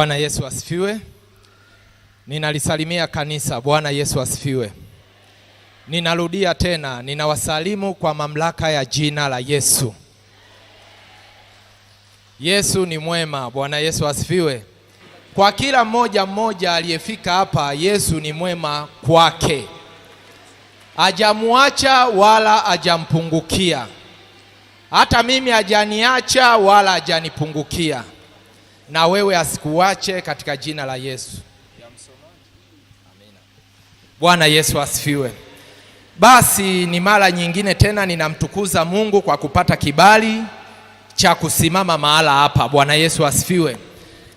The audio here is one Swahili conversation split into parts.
Bwana Yesu asifiwe. Ninalisalimia kanisa. Bwana Yesu asifiwe. Ninarudia tena, ninawasalimu kwa mamlaka ya jina la Yesu. Yesu ni mwema. Bwana Yesu asifiwe. Kwa kila mmoja mmoja aliyefika hapa, Yesu ni mwema kwake, hajamuacha wala hajampungukia. Hata mimi hajaniacha wala hajanipungukia na wewe asikuache katika jina la Yesu. Bwana Yesu asifiwe. Basi ni mara nyingine tena ninamtukuza Mungu kwa kupata kibali cha kusimama mahala hapa. Bwana Yesu asifiwe.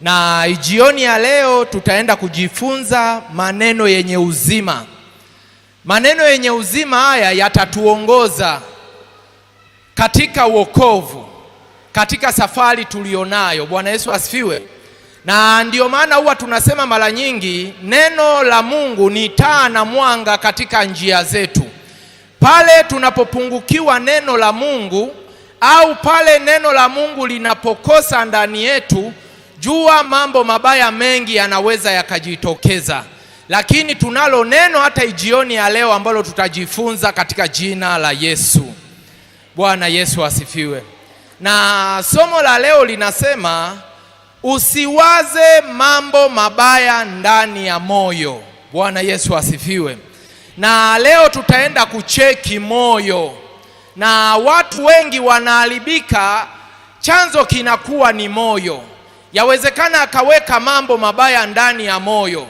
Na jioni ya leo tutaenda kujifunza maneno yenye uzima. Maneno yenye uzima haya yatatuongoza katika wokovu katika safari tulionayo. Bwana Yesu asifiwe. Na ndiyo maana huwa tunasema mara nyingi neno la Mungu ni taa na mwanga katika njia zetu. Pale tunapopungukiwa neno la Mungu au pale neno la Mungu linapokosa ndani yetu, jua mambo mabaya mengi yanaweza yakajitokeza, lakini tunalo neno hata ijioni ya leo ambalo tutajifunza katika jina la Yesu. Bwana Yesu asifiwe. Na somo la leo linasema usiwaze mambo mabaya ndani ya moyo. Bwana Yesu asifiwe. Na leo tutaenda kucheki moyo, na watu wengi wanaharibika, chanzo kinakuwa ni moyo. Yawezekana akaweka mambo mabaya ndani ya moyo,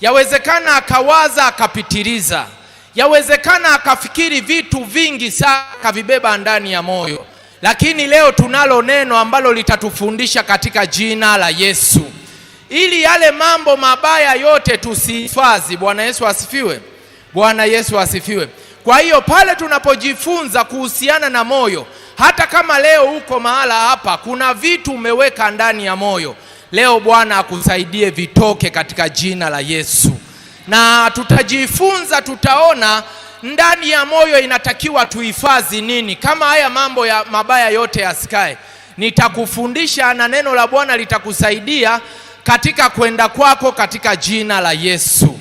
yawezekana akawaza akapitiliza, yawezekana akafikiri vitu vingi sana akavibeba ndani ya moyo. Lakini leo tunalo neno ambalo litatufundisha katika jina la Yesu, ili yale mambo mabaya yote tusihifadhi. Bwana Yesu asifiwe! Bwana Yesu asifiwe! Kwa hiyo pale tunapojifunza kuhusiana na moyo, hata kama leo uko mahala hapa, kuna vitu umeweka ndani ya moyo, leo Bwana akusaidie vitoke katika jina la Yesu, na tutajifunza, tutaona ndani ya moyo inatakiwa tuhifadhi nini, kama haya mambo ya mabaya yote yasikae. Nitakufundisha na neno la Bwana litakusaidia katika kwenda kwako katika jina la Yesu.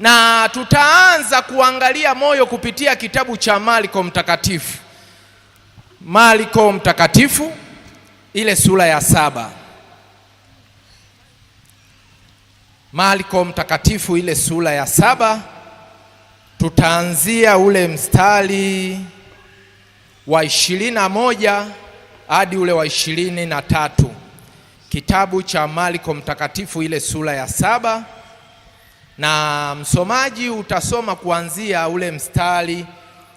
Na tutaanza kuangalia moyo kupitia kitabu cha maliko Mtakatifu, maliko Mtakatifu ile sura ya saba, maliko Mtakatifu ile sura ya saba tutaanzia ule mstari wa ishirini na moja hadi ule wa ishirini na tatu kitabu cha Marko Mtakatifu, ile sura ya saba, na msomaji utasoma kuanzia ule mstari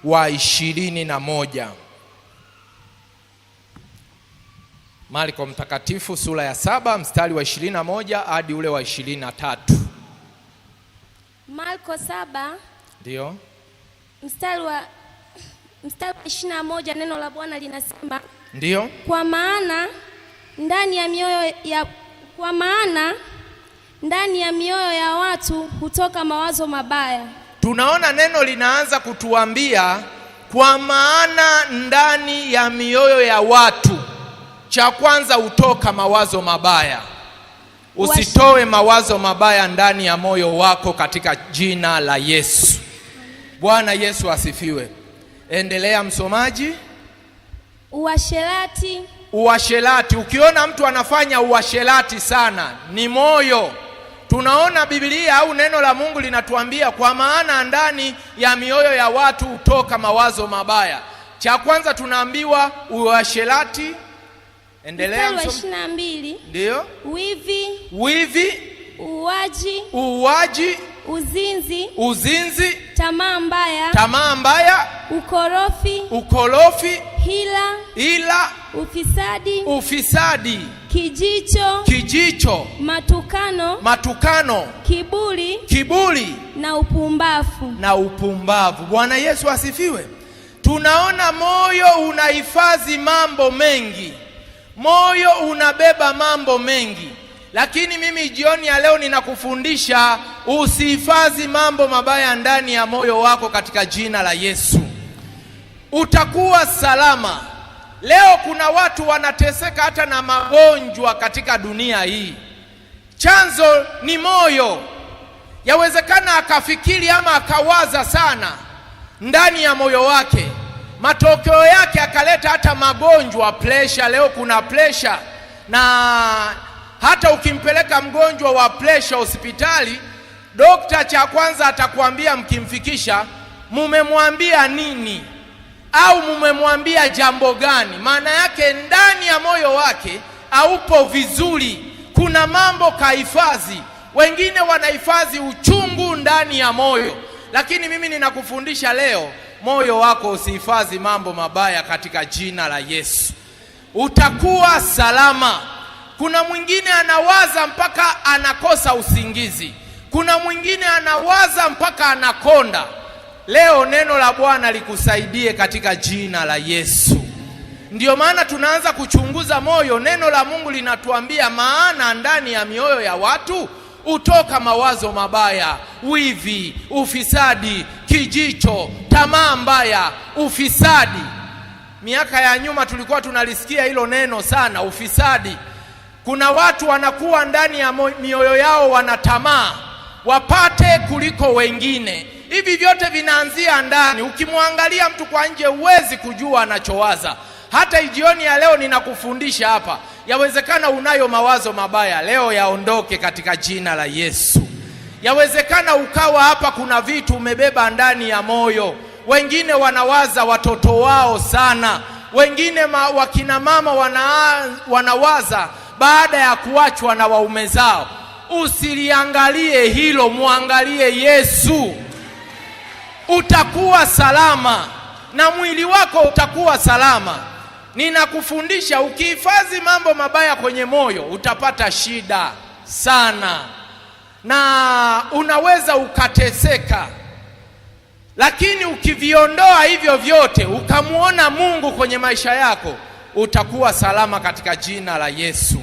wa ishirini na moja. Marko Mtakatifu sura ya saba mstari wa ishirini na moja hadi ule wa tatu Marko saba ndio. Mstari wa mstari wa ishirini na moja neno la Bwana linasema ndio, kwa maana ndani ya mioyo ya kwa maana ndani ya mioyo ya watu hutoka mawazo mabaya. Tunaona neno linaanza kutuambia kwa maana ndani ya mioyo ya watu, cha kwanza hutoka mawazo mabaya. Usitoe mawazo mabaya ndani ya moyo wako katika jina la Yesu. Bwana Yesu asifiwe. Endelea msomaji. Uasherati. Uasherati, ukiona mtu anafanya uasherati sana, ni moyo. Tunaona Biblia au neno la Mungu linatuambia, kwa maana ndani ya mioyo ya watu hutoka mawazo mabaya. Cha kwanza tunaambiwa uasherati. Endelea msomaji. Ndio. Wivi. Wivi. Uuaji. Uuaji uzinzi, uzinzi, tamaa mbaya, tamaa mbaya, ukorofi, ukorofi, hila, hila, ufisadi, ufisadi, kijicho, kijicho, matukano, matukano, kiburi, kiburi na upumbavu, na upumbavu. Bwana Yesu asifiwe. Tunaona moyo unahifadhi mambo mengi, moyo unabeba mambo mengi lakini mimi jioni ya leo ninakufundisha usihifadhi mambo mabaya ndani ya moyo wako katika jina la Yesu. Utakuwa salama. Leo kuna watu wanateseka hata na magonjwa katika dunia hii. Chanzo ni moyo. Yawezekana akafikiri ama akawaza sana ndani ya moyo wake. Matokeo yake akaleta hata magonjwa, presha. Leo kuna presha na hata ukimpeleka mgonjwa wa presha hospitali, dokta cha kwanza atakwambia mkimfikisha, mumemwambia nini au mumemwambia jambo gani? Maana yake ndani ya moyo wake haupo vizuri, kuna mambo kahifadhi. Wengine wanahifadhi uchungu ndani ya moyo, lakini mimi ninakufundisha leo, moyo wako usihifadhi mambo mabaya, katika jina la Yesu utakuwa salama. Kuna mwingine anawaza mpaka anakosa usingizi, kuna mwingine anawaza mpaka anakonda. Leo neno la Bwana likusaidie katika jina la Yesu. Ndiyo maana tunaanza kuchunguza moyo. Neno la Mungu linatuambia, maana ndani ya mioyo ya watu hutoka mawazo mabaya, wivi, ufisadi, kijicho, tamaa mbaya, ufisadi. Miaka ya nyuma tulikuwa tunalisikia hilo neno sana, ufisadi. Kuna watu wanakuwa ndani ya mioyo yao wana tamaa wapate kuliko wengine. Hivi vyote vinaanzia ndani. Ukimwangalia mtu kwa nje, huwezi kujua anachowaza. Hata jioni ya leo ninakufundisha hapa, yawezekana unayo mawazo mabaya leo, yaondoke katika jina la Yesu. Yawezekana ukawa hapa, kuna vitu umebeba ndani ya moyo. Wengine wanawaza watoto wao sana, wengine ma, wakina mama wana, wanawaza baada ya kuachwa na waume zao. Usiliangalie hilo, muangalie Yesu. Utakuwa salama na mwili wako utakuwa salama. Ninakufundisha, ukihifadhi mambo mabaya kwenye moyo utapata shida sana, na unaweza ukateseka. Lakini ukiviondoa hivyo vyote ukamwona Mungu kwenye maisha yako, utakuwa salama katika jina la Yesu.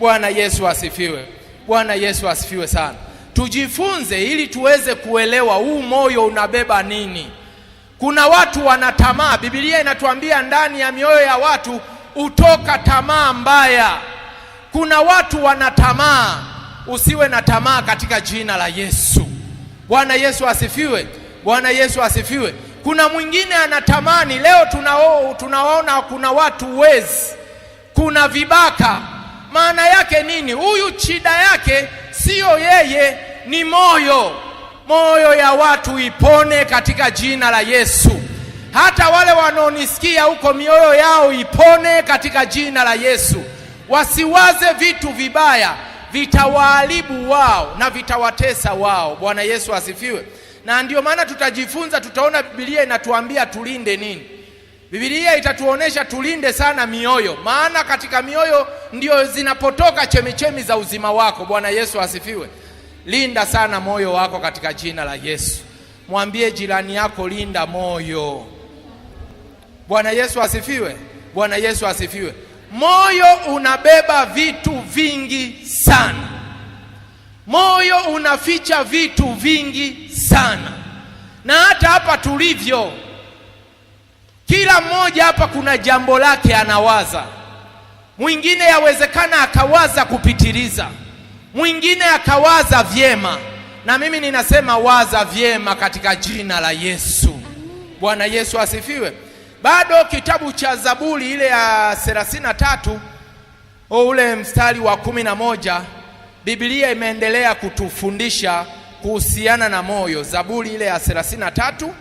Bwana Yesu asifiwe. Bwana Yesu asifiwe sana. Tujifunze ili tuweze kuelewa huu moyo unabeba nini. Kuna watu wana tamaa. Biblia inatuambia ndani ya mioyo ya watu utoka tamaa mbaya. Kuna watu wana tamaa. Usiwe na tamaa katika jina la Yesu. Bwana Yesu asifiwe. Bwana Yesu asifiwe. Kuna mwingine anatamani leo tunao, tunaona kuna watu wezi, kuna vibaka maana yake nini? Huyu shida yake siyo yeye, ni moyo. Moyo ya watu ipone katika jina la Yesu. Hata wale wanaonisikia huko, mioyo yao ipone katika jina la Yesu. Wasiwaze vitu vibaya, vitawaharibu wao na vitawatesa wao. Bwana Yesu asifiwe. Na ndiyo maana tutajifunza, tutaona Biblia inatuambia tulinde nini Biblia itatuonesha tulinde sana mioyo, maana katika mioyo ndio zinapotoka chemichemi za uzima wako. Bwana Yesu asifiwe. Linda sana moyo wako katika jina la Yesu. Mwambie jirani yako, linda moyo. Bwana Yesu asifiwe. Bwana Yesu asifiwe. Moyo unabeba vitu vingi sana. Moyo unaficha vitu vingi sana, na hata hapa tulivyo kila mmoja hapa kuna jambo lake anawaza. Mwingine yawezekana akawaza kupitiliza, mwingine akawaza vyema, na mimi ninasema waza vyema katika jina la Yesu. Bwana Yesu asifiwe. Bado kitabu cha Zaburi ile ya thelathini na tatu ule mstari wa kumi na moja Biblia imeendelea kutufundisha kuhusiana na moyo. Zaburi ile ya thelathini na tatu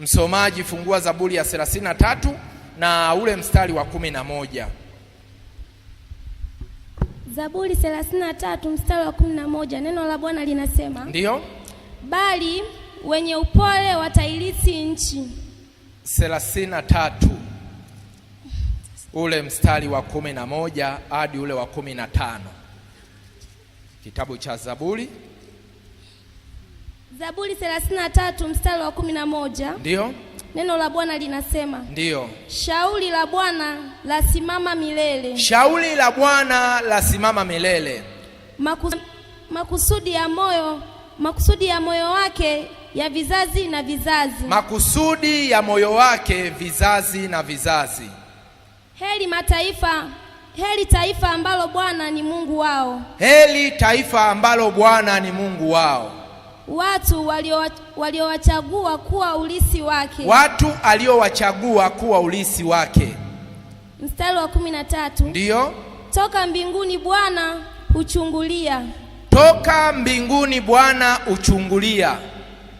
Msomaji, fungua Zaburi ya 33 na ule mstari wa kumi na moja. Zaburi 33 mstari wa kumi na moja, neno la Bwana linasema ndio, bali wenye upole watairithi nchi. 33 ule mstari wa kumi na moja hadi ule wa kumi na tano, kitabu cha Zaburi Zaburi 33 mstari wa 11. Ndio. Neno la Bwana linasema. Ndio. Shauri la Bwana lasimama milele. Shauri la Bwana lasimama milele. Makus, makusudi ya moyo, makusudi ya moyo wake ya vizazi na vizazi. Makusudi ya moyo wake vizazi na vizazi. Heri mataifa, heri taifa ambalo Bwana ni Mungu wao. Heri taifa ambalo Bwana ni Mungu wao watu aliowachagua kuwa ulisi wake, watu aliowachagua kuwa ulisi wake. Mstari wa kumi na tatu ndiyo toka mbinguni Bwana huchungulia, toka mbinguni Bwana huchungulia,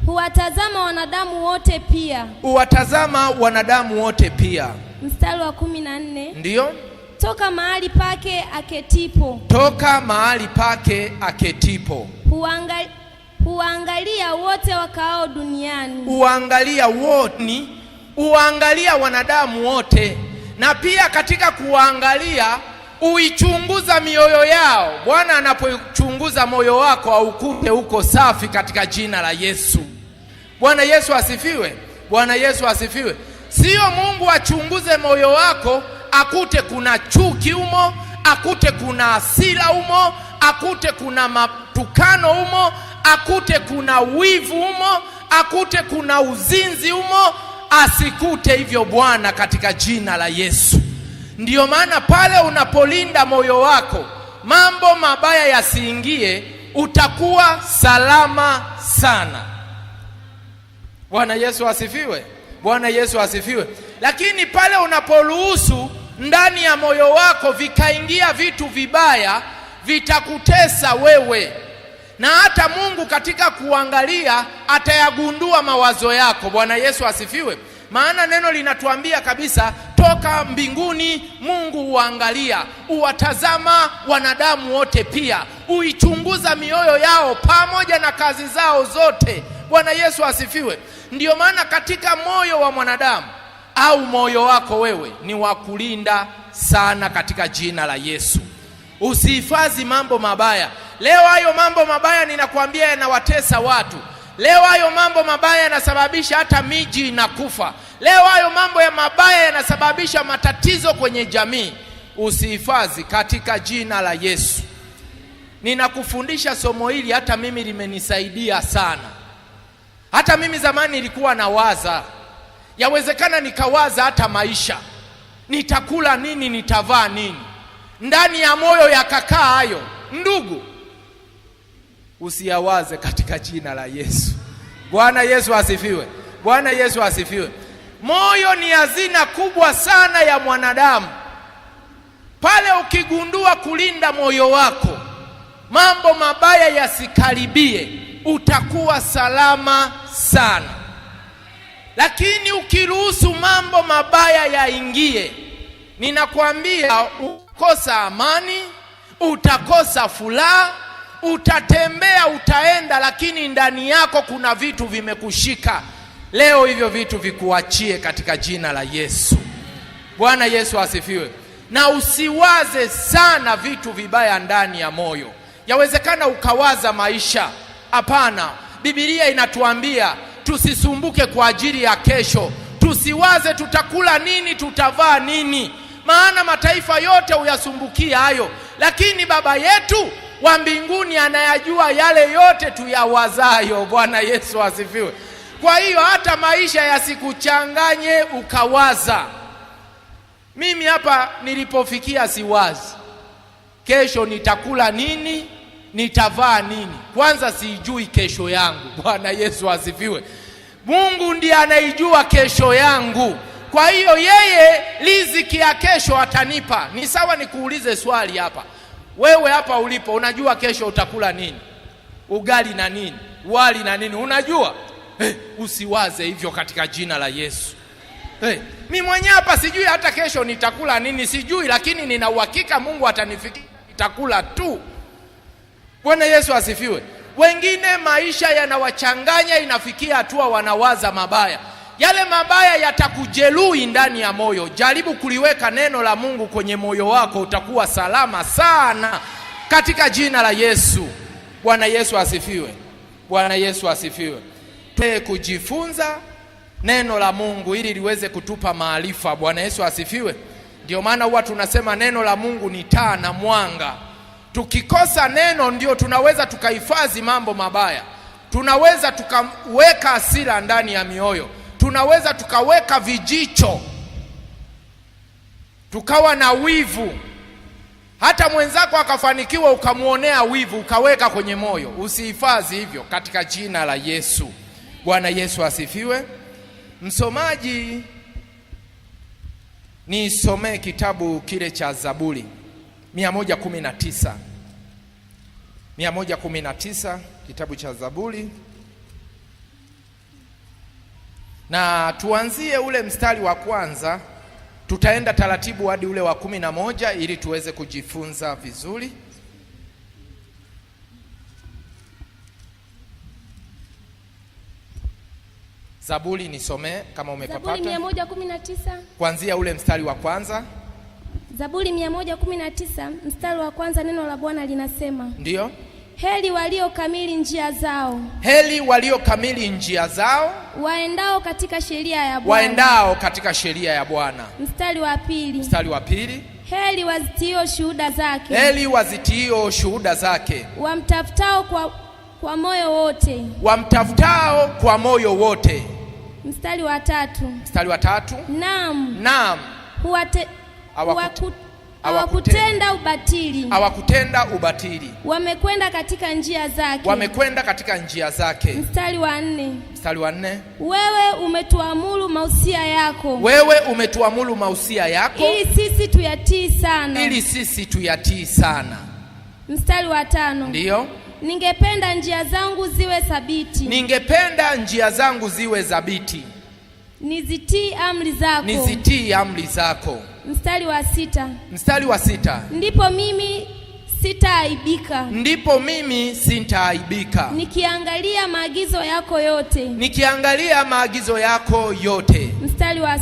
huwatazama wanadamu wote pia, huwatazama wanadamu wote pia. Mstari wa kumi na nne ndiyo toka mahali pake aketipo, toka mahali pake aketipo huangalia uwaangalia wote wakao duniani. Uwaangalia wote, uwaangalia wanadamu wote, na pia katika kuwaangalia uichunguza mioyo yao. Bwana anapochunguza moyo wako aukute uko safi katika jina la Yesu. Bwana Yesu asifiwe. Bwana Yesu asifiwe. Sio Mungu achunguze moyo wako akute kuna chuki humo akute kuna hasira humo akute kuna matukano humo akute kuna wivu humo, akute kuna uzinzi humo, asikute hivyo Bwana, katika jina la Yesu. Ndiyo maana pale unapolinda moyo wako mambo mabaya yasiingie, utakuwa salama sana. Bwana Yesu asifiwe! Bwana Yesu asifiwe! Lakini pale unaporuhusu ndani ya moyo wako vikaingia vitu vibaya, vitakutesa wewe na hata Mungu katika kuangalia atayagundua mawazo yako. Bwana Yesu asifiwe. Maana neno linatuambia kabisa toka mbinguni Mungu huangalia, huwatazama wanadamu wote, pia huichunguza mioyo yao pamoja na kazi zao zote. Bwana Yesu asifiwe. Ndiyo maana katika moyo wa mwanadamu au moyo wako wewe ni wa kulinda sana katika jina la Yesu. Usihifadhi mambo mabaya. Leo hayo mambo mabaya ninakwambia yanawatesa watu. Leo hayo mambo mabaya yanasababisha hata miji inakufa. Leo hayo mambo ya mabaya yanasababisha matatizo kwenye jamii. Usihifadhi katika jina la Yesu. Ninakufundisha somo hili, hata mimi limenisaidia sana. Hata mimi zamani nilikuwa nawaza, yawezekana nikawaza hata maisha, nitakula nini, nitavaa nini ndani ya moyo yakakaa hayo, ndugu, usiyawaze katika jina la Yesu. Bwana Yesu asifiwe! Bwana Yesu asifiwe! Moyo ni hazina kubwa sana ya mwanadamu. Pale ukigundua kulinda moyo wako, mambo mabaya yasikaribie, utakuwa salama sana. Lakini ukiruhusu mambo mabaya yaingie, ninakwambia utakosa amani, utakosa furaha, utatembea, utaenda, lakini ndani yako kuna vitu vimekushika. Leo hivyo vitu vikuachie katika jina la Yesu. Bwana Yesu asifiwe. Na usiwaze sana vitu vibaya ndani ya moyo. Yawezekana ukawaza maisha. Hapana, Biblia inatuambia tusisumbuke kwa ajili ya kesho, tusiwaze tutakula nini, tutavaa nini maana mataifa yote huyasumbukia hayo, lakini Baba yetu wa mbinguni anayajua yale yote tuyawazayo. Bwana Yesu asifiwe. Kwa hiyo hata maisha yasikuchanganye ukawaza. Mimi hapa nilipofikia siwazi kesho nitakula nini, nitavaa nini. Kwanza siijui kesho yangu. Bwana Yesu asifiwe. Mungu ndiye anaijua kesho yangu. Kwa hiyo yeye riziki ya kesho atanipa. Ni sawa, nikuulize swali hapa, wewe hapa ulipo, unajua kesho utakula nini? Ugali na nini? Wali na nini? Unajua eh? Usiwaze hivyo katika jina la Yesu. Hey, eh, mi mwenyewe hapa sijui hata kesho nitakula nini, sijui, lakini nina uhakika Mungu atanifikia, nitakula tu. Bwana Yesu asifiwe. Wengine maisha yanawachanganya, inafikia hatua wanawaza mabaya yale mabaya yatakujeruhi ndani ya moyo. Jaribu kuliweka neno la Mungu kwenye moyo wako, utakuwa salama sana katika jina la Yesu. Bwana Yesu asifiwe. Bwana Yesu asifiwe. Tuendelee kujifunza neno la Mungu ili liweze kutupa maarifa. Bwana Yesu asifiwe. Ndio maana huwa tunasema neno la Mungu ni taa na mwanga. Tukikosa neno, ndio tunaweza tukahifadhi mambo mabaya, tunaweza tukaweka hasira ndani ya mioyo tunaweza tukaweka vijicho, tukawa na wivu. Hata mwenzako akafanikiwa ukamwonea wivu, ukaweka kwenye moyo. Usihifadhi hivyo katika jina la Yesu. Bwana Yesu asifiwe. Msomaji, nisomee kitabu kile cha Zaburi 119 119, kitabu cha Zaburi na tuanzie ule mstari wa kwanza, tutaenda taratibu hadi ule wa kumi na moja ili tuweze kujifunza vizuri. Zaburi nisomee kama umepapata. Kuanzia ule mstari wa kwanza. Zaburi 119 mstari wa kwanza, neno la Bwana linasema. ndio Heri kamili njia zao. Heri kamili njia zao, waendao katika sheria ya Bwana. Waendao katika sheria ya Bwana. Mstari wa pili. Mstari wa pili. Heri wazitio shuhuda zake. Heri wazitio shuhuda zake. Wamtafutao kwa, kwa moyo wote. Wamtafutao kwa moyo wote. Mstari wa tatu. Mstari wa tatu. Naam. Naam. Huwate, huwakut hawakutenda ubatili, hawakutenda ubatili, wamekwenda katika njia zake, wamekwenda katika njia zake. Mstari wa nne, mstari wa nne, wewe umetuamuru mausia yako, wewe umetuamuru mausia yako, ili sisi tuyatii sana, ili sisi tuyatii sana. Mstari wa tano, ndiyo ningependa njia zangu ziwe thabiti, ningependa njia zangu ziwe thabiti, nizitii amri zako, nizitii amri zako mstari wa sita. Mstari wa sita. Ndipo mimi sitaaibika, ndipo mimi sitaaibika, nikiangalia maagizo yako yote, nikiangalia maagizo yako yote. Mstari wa